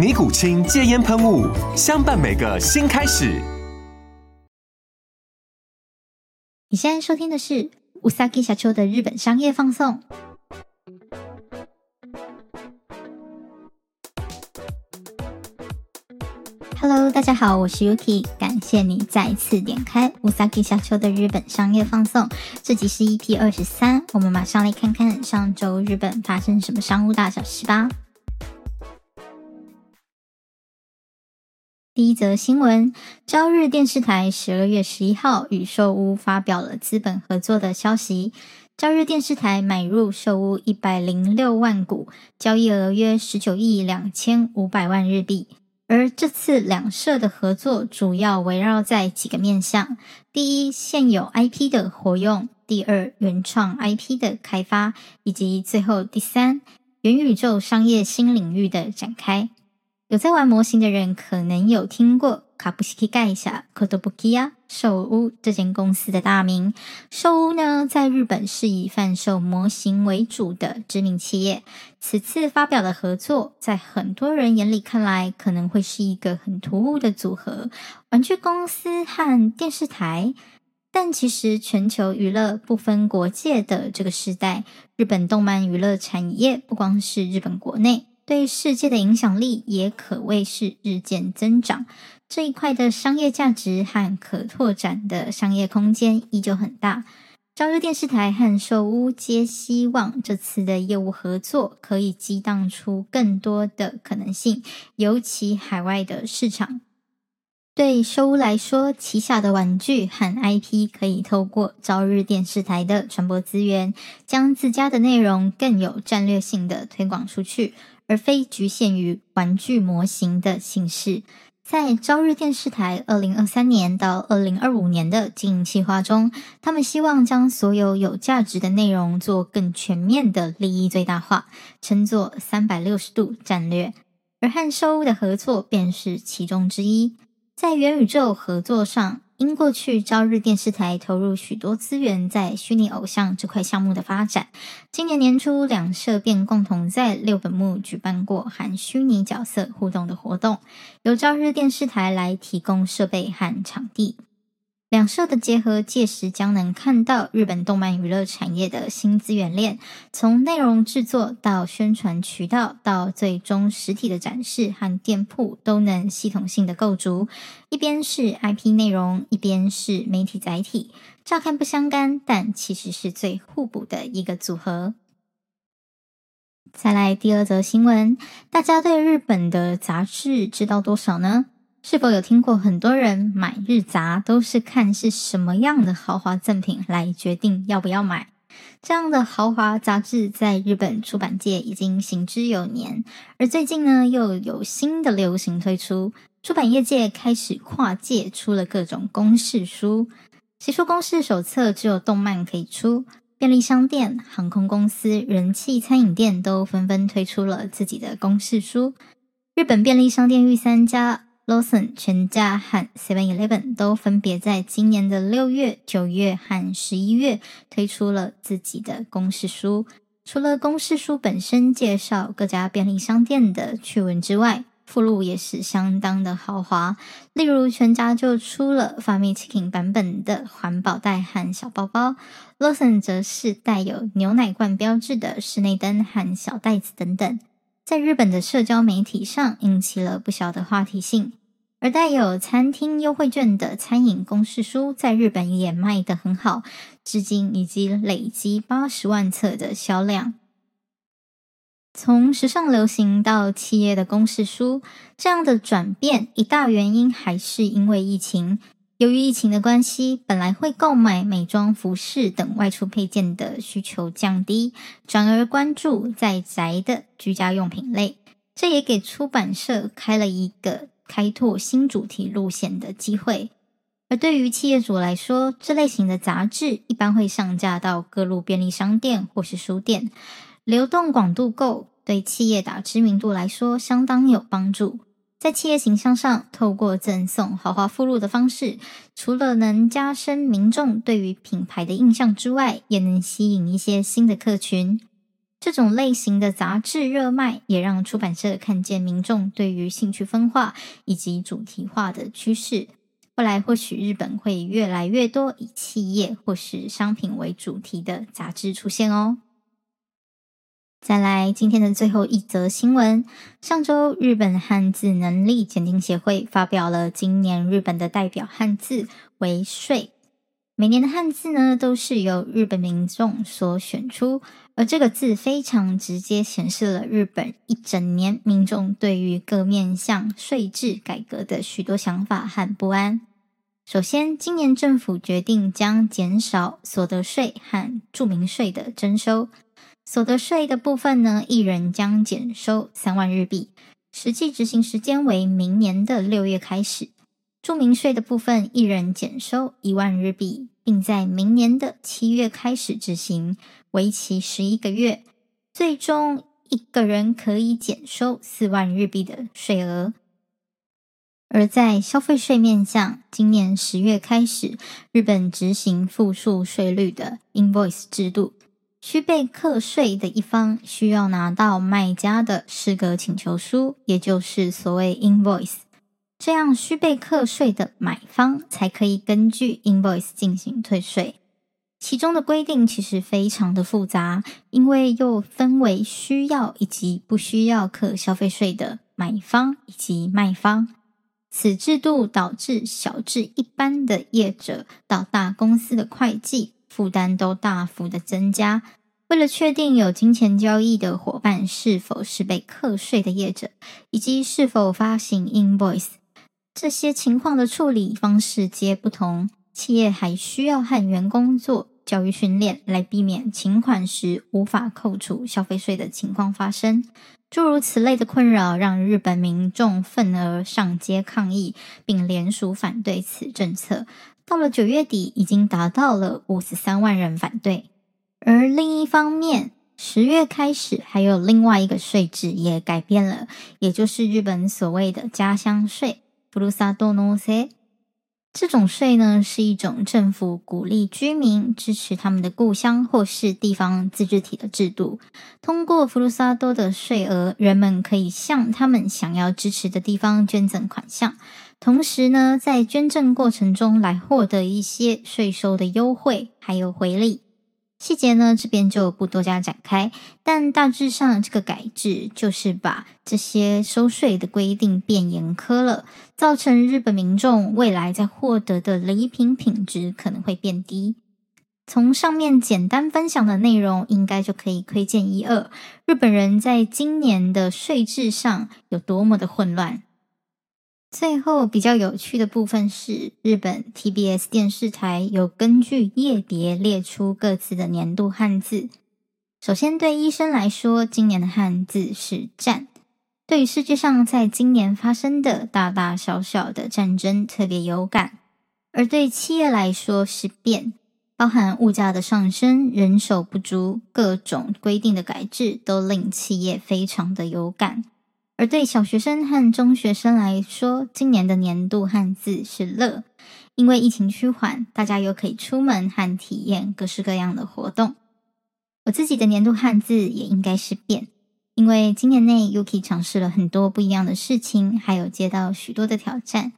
尼古清戒煙噴霧，相伴每個新開始。你現在收聽的是《うさぎ社長》的日本商業放送。Hello，大家好，我是 Yuki，感謝你再一次點開《うさぎ社長》的日本商業放送。這集是 EP 二十三，我們馬上來看看上周日本發生什麼商務大小事吧。第一則新聞，朝日電視台十二月十一號與壽屋發表了資本合作的消息。朝日電視台買入壽屋一百零六萬股，交易額約十九億兩千五百萬日幣。而這次兩社的合作主要圍繞在幾個面向：第一，現有 IP 的活用；第二，原創 IP 的開發；以及最後第三，元宇宙商業新領域的展開。有在玩模型的人，可能有聽過卡布西 k 蓋下可都不 o b u 屋這間公司的大名。壽屋呢，在日本是以販售模型為主的知名企業。此次發表的合作，在很多人眼裡看來，可能會是一個很突兀的組合——玩具公司和電視台。但其實，全球娛樂不分國界的這個時代，日本動漫娛樂產業不光是日本國內。對世界的影響力也可謂是日漸增長，這一塊的商業價值和可拓展的商業空間依舊很大。朝日電視台和壽屋皆希望這次的業務合作可以激盪出更多的可能性，尤其海外的市場。對壽屋來說，旗下的玩具和 IP 可以透過朝日電視台的傳播資源，將自家的內容更有戰略性的推廣出去。而非局限於玩具模型的形式，在朝日電視台二零二三年到二零二五年的經營計劃中，他們希望將所有有價值的內容做更全面的利益最大化，稱作“三百六十度戰略”。而和壽屋的合作便是其中之一，在元宇宙合作上。因過去朝日電視台投入許多資源在虛擬偶像這塊項目的發展，今年年初兩社便共同在六本木舉辦過含虛擬角色互動的活動，由朝日電視台來提供設備和場地。兩社的結合，屆時將能看到日本動漫娛樂產業的新資源鏈，從內容製作到宣傳渠道，到最終實體的展示和店鋪，都能系統性的構築。一邊是 IP 內容，一邊是媒體載體，乍看不相干，但其實是最互補的一個組合。再來第二則新聞，大家對日本的雜誌知道多少呢？是否有聽過，很多人買日雜都是看是什麼樣的豪華贈品來決定要不要買？這樣的豪華雜誌在日本出版界已經行之有年，而最近呢又有新的流行推出，出版業界開始跨界出了各種公式書。起初公式手冊只有動漫可以出，便利商店、航空公司、人氣餐飲店都紛紛推出了自己的公式書。日本便利商店御三家，Lawson 全家和 Seven Eleven 都分別在今年的六月、九月和十一月推出了自己的公式書。除了公式書本身介紹各家便利商店的趣聞之外，附錄也是相當的豪華。例如，全家就出了 Fami Chicken 版本的環保袋和小包包，Lawson 則是帶有牛奶罐標誌的室內燈和小袋子等等，在日本的社交媒體上引起了不小的話題性。而帶有餐廳優惠券的餐飲公式書在日本也賣得很好，至今已經累積八十萬冊的銷量。從時尚流行到企業的公式書，這樣的轉變，一大原因還是因為疫情。由於疫情的關係，本來會購買美妝、服飾等外出配件的需求降低，轉而關注在宅的居家用品類，這也給出版社開了一個。開拓新主題路線的機會，而對於企業主來說，這類型的雜誌一般會上架到各路便利商店或是書店，流動廣度夠對企業的知名度來說相當有幫助。在企業形象上，透過贈送豪華附錄的方式，除了能加深民眾對於品牌的印象之外，也能吸引一些新的客群。這種類型的雜誌熱賣，也讓出版社看見民眾對於興趣分化以及主題化的趨勢。未來或許日本會越來越多以企業或是商品為主題的雜誌出現哦。再來今天的最後一則新聞：上周日本漢字能力檢定協會發表了今年日本的代表漢字為「稅」。每年的漢字呢，都是由日本民眾所選出，而這個字非常直接顯示了日本一整年民眾對於各面向稅制改革的許多想法和不安。首先，今年政府決定將減少所得稅和住民稅的徵收。所得稅的部分呢，一人將減收三萬日幣，實際執行時間為明年的六月開始。住民稅的部分，一人減收一萬日幣，並在明年的七月開始執行，為期十一個月，最終一個人可以減收四萬日幣的稅額。而在消費稅面向，今年十月開始，日本執行複數稅率的 invoice 制度，需被課稅的一方需要拿到賣家的適格請求書，也就是所謂 invoice。這樣需被課稅的買方才可以根據 invoice 進行退稅，其中的規定其實非常的複雜，因為又分為需要以及不需要課消費稅的買方以及賣方。此制度導致小至一般的業者到大公司的會計負擔都大幅的增加。為了確定有金錢交易的夥伴是否是被課稅的業者，以及是否發行 invoice。這些情況的處理方式皆不同，企業還需要和員工做教育訓練，來避免請款時無法扣除消費稅的情況發生。諸如此類的困擾，讓日本民眾憤而上街抗議，並聯署反對此政策。到了九月底，已經達到了五十三萬人反對。而另一方面，十月開始還有另外一個稅制也改變了，也就是日本所謂的家鄉稅。弗魯薩多諾稅，這種稅呢是一種政府鼓勵居民支持他們的故鄉或是地方自治體的制度。通過弗魯薩多的稅額，人們可以向他們想要支持的地方捐贈款項，同時呢，在捐贈過程中來獲得一些稅收的優惠還有回利。細節呢，這邊就不多加展開，但大致上，這個改制就是把這些收稅的規定變嚴苛了，造成日本民眾未來在獲得的禮品品質可能會變低。從上面簡單分享的內容，應該就可以窺見一二，日本人在今年的稅制上有多麼的混亂。最後比較有趣的部分是，日本 TBS 電視台有根據業別列出各自的年度漢字。首先，對醫生來說，今年的漢字是“戰”，對於世界上在今年發生的大大小小的戰爭特別有感；而對企業來說是“變”，包含物價的上升、人手不足、各種規定的改制，都令企業非常的有感。而對小學生和中學生來說，今年的年度漢字是“樂”，因為疫情趨緩，大家又可以出門和體驗各式各樣的活動。我自己的年度漢字也應該是“變”，因為今年內 Yuki 嘗試了很多不一樣的事情，還有接到許多的挑戰。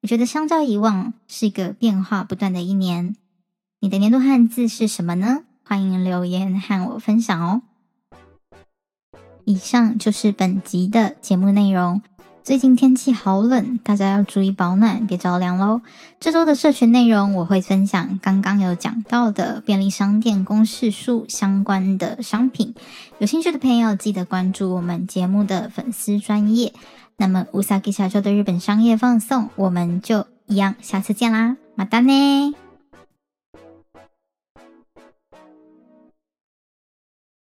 我覺得相較以往是一個變化不斷的一年。你的年度漢字是什麼呢？歡迎留言和我分享哦。以上就是本集的節目內容。最近天氣好冷，大家要注意保暖，別着涼嘍。這周的社群內容我會分享剛剛有講到的便利商店公式書相關的商品，有興趣的朋友記得關注我們節目的粉絲專頁。那麼うさぎ社長的日本商業放送，我們就一樣，下次見啦，またね。